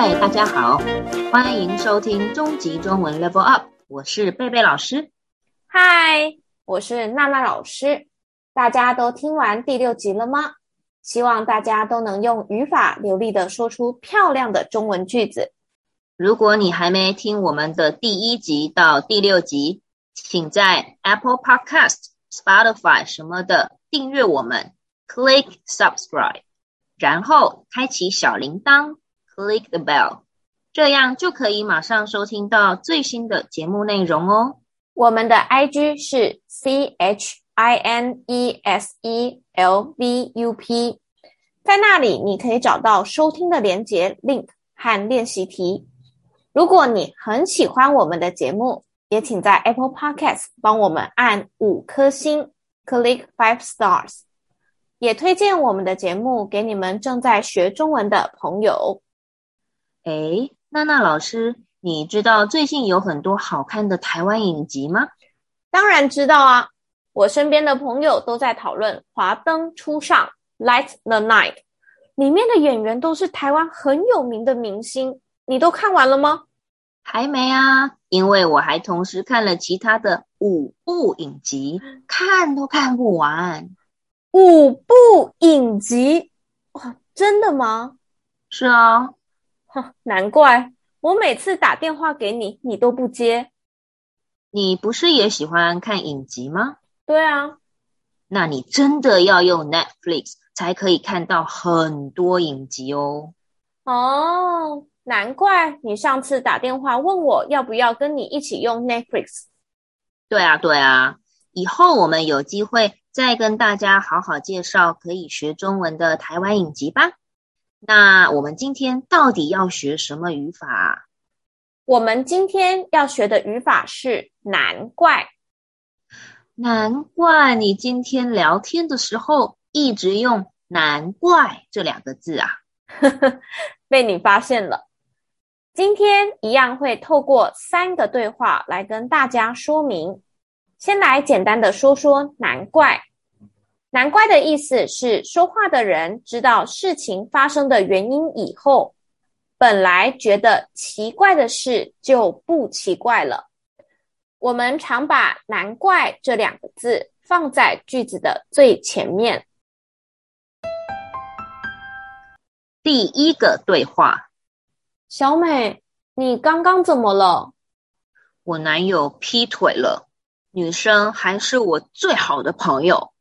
嗨，大家好，歡迎收聽中級中文 Level Up，我是貝貝老師。嗨，我是娜娜老師。大家都聽完第六集了嗎？希望大家都能用語法流利地說出漂亮的中文句子。如果你還沒聽我們的第一集到第六集，請在 Apple Podcast、Spotify 什麼的訂閱我們，Click Subscribe，然後開啟小鈴鐺。Click the bell，這樣就可以馬上收聽到最新的節目內容哦。我們的 IG 是 ChineseLVUP，在那裡你可以找到收聽的鏈接 link 和練習題。如果你很喜歡我們的節目，也請在 Apple Podcast 幫我們按五顆星，Click five stars。也推薦我們的節目給你們正在學中文的朋友。哎，娜娜老師，你知道最近有很多好看的台灣影集嗎？當然知道啊！我身邊的朋友都在討論《華燈初上》（Light the Night），裡面的演員都是台灣很有名的明星。你都看完了嗎？還沒啊，因為我還同時看了其他的五部影集，看都看不完。五部影集？哇、哦，真的嗎？是啊、哦。哼，難怪我每次打電話給你，你都不接。你不是也喜歡看影集嗎？對啊，那你真的要用 Netflix 才可以看到很多影集哦。哦，難怪你上次打電話問我要不要跟你一起用 Netflix。對啊，對啊，以後我們有機會再跟大家好好介紹可以學中文的台灣影集吧。那我們今天到底要學什麼語法啊？我們今天要學的語法是“難怪”。難怪你今天聊天的時候一直用“難怪”這兩個字啊，呵呵，被你發現了。今天一樣會透過三個對話來跟大家說明。先來簡單的說說“難怪”。難怪的意思是，說話的人知道事情發生的原因以後，本來覺得奇怪的事就不奇怪了。我們常把“難怪”這兩個字放在句子的最前面。第一個對話：小美，你剛剛怎麼了？我男友劈腿了，女生還是我最好的朋友。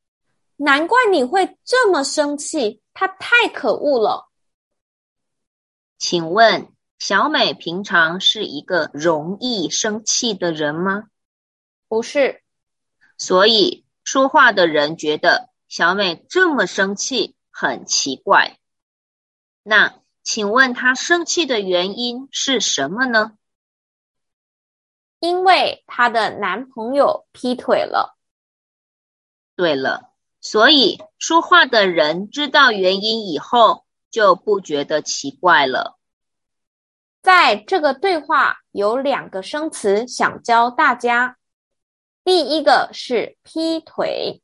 難怪你會這麼生氣，他太可惡了。請問，小美平常是一個容易生氣的人嗎？不是。所以說話的人覺得小美這麼生氣很奇怪。那請問她生氣的原因是什麼呢？因為她的男朋友劈腿了。對了。所以說話的人知道原因以後，就不覺得奇怪了。在這個對話有兩個生詞，想教大家。第一個是“劈腿”，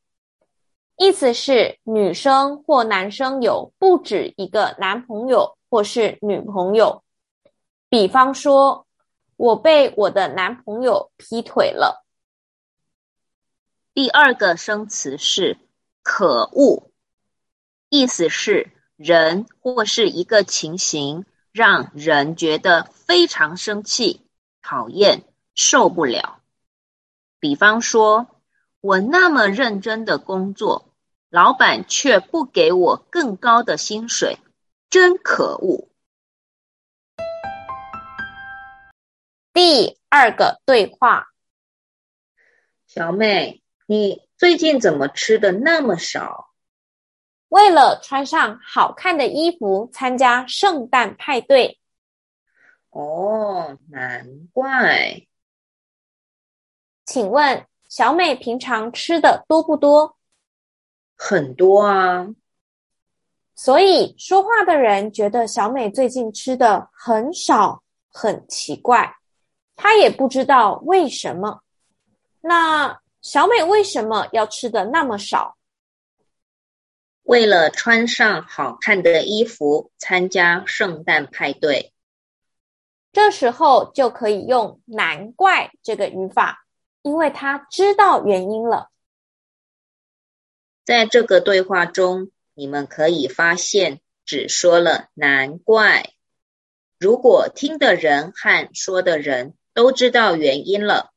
意思是女生或男生有不止一個男朋友或是女朋友。比方說，我被我的男朋友劈腿了。第二個生詞是。可惡，意思是人或是一個情形讓人覺得非常生氣、討厭、受不了。比方說，我那麼認真的工作，老闆卻不給我更高的薪水，真可惡。第二個對話，小妹。你最近怎麼吃的那麼少？為了穿上好看的衣服，參加聖誕派對。哦，難怪。請問小美平常吃的多不多？很多啊。所以說話的人覺得小美最近吃的很少，很奇怪。她也不知道為什麼。那。小美為什麼要吃的那麼少？為了穿上好看的衣服，參加聖誕派對。這時候就可以用“難怪”這個語法，因為她知道原因了。在這個對話中，你們可以發現，只說了“難怪”。如果聽的人和說的人都知道原因了。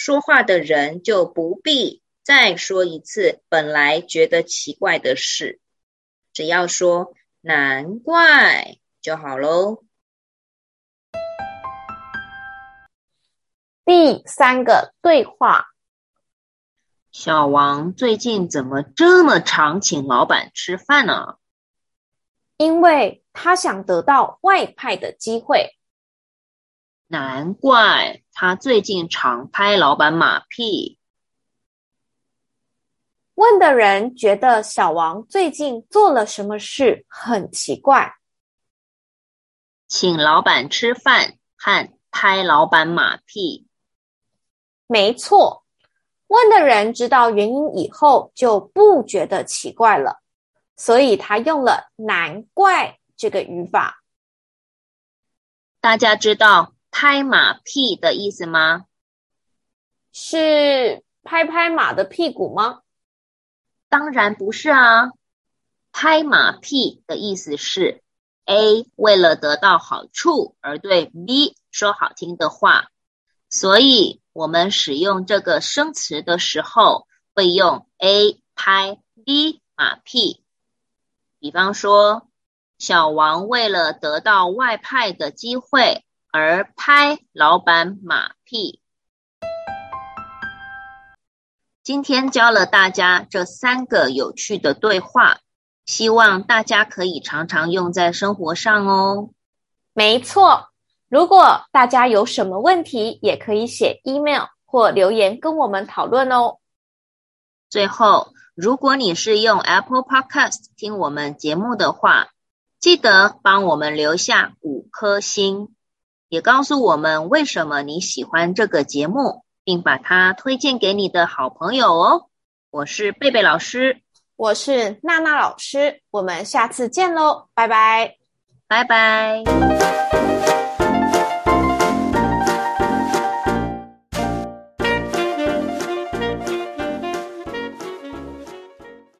說話的人就不必再說一次本來覺得奇怪的事，只要說難怪就好嘍。第三個對話：小王最近怎麼這麼常請老闆吃飯呢、啊？因為他想得到外派的機會。難怪。他最近常拍老闆馬屁。問的人覺得小王最近做了什麼事很奇怪，請老闆吃飯和拍老闆馬屁。沒錯，問的人知道原因以後就不覺得奇怪了，所以他用了“難怪”這個語法。大家知道。拍馬屁的意思嗎？是拍拍馬的屁股嗎？當然不是啊！拍馬屁的意思是：A 為了得到好處而對 B 說好聽的話。所以，我們使用這個生詞的時候，會用 A 拍 B 馬屁。比方說，小王為了得到外派的機會，而拍老闆馬屁。今天教了大家這三個有趣的對話，希望大家可以常常用在生活上哦。沒錯，如果大家有什麼問題，也可以寫 Email 或留言跟我們討論哦。最後，如果你是用 Apple Podcast 聽我們節目的話，記得幫我們留下五顆星。也告訴我們為什麼你喜歡這個節目，並把它推薦給你的好朋友哦。我是貝貝老師，我是娜娜老師，我們下次見嘍，拜拜，拜拜。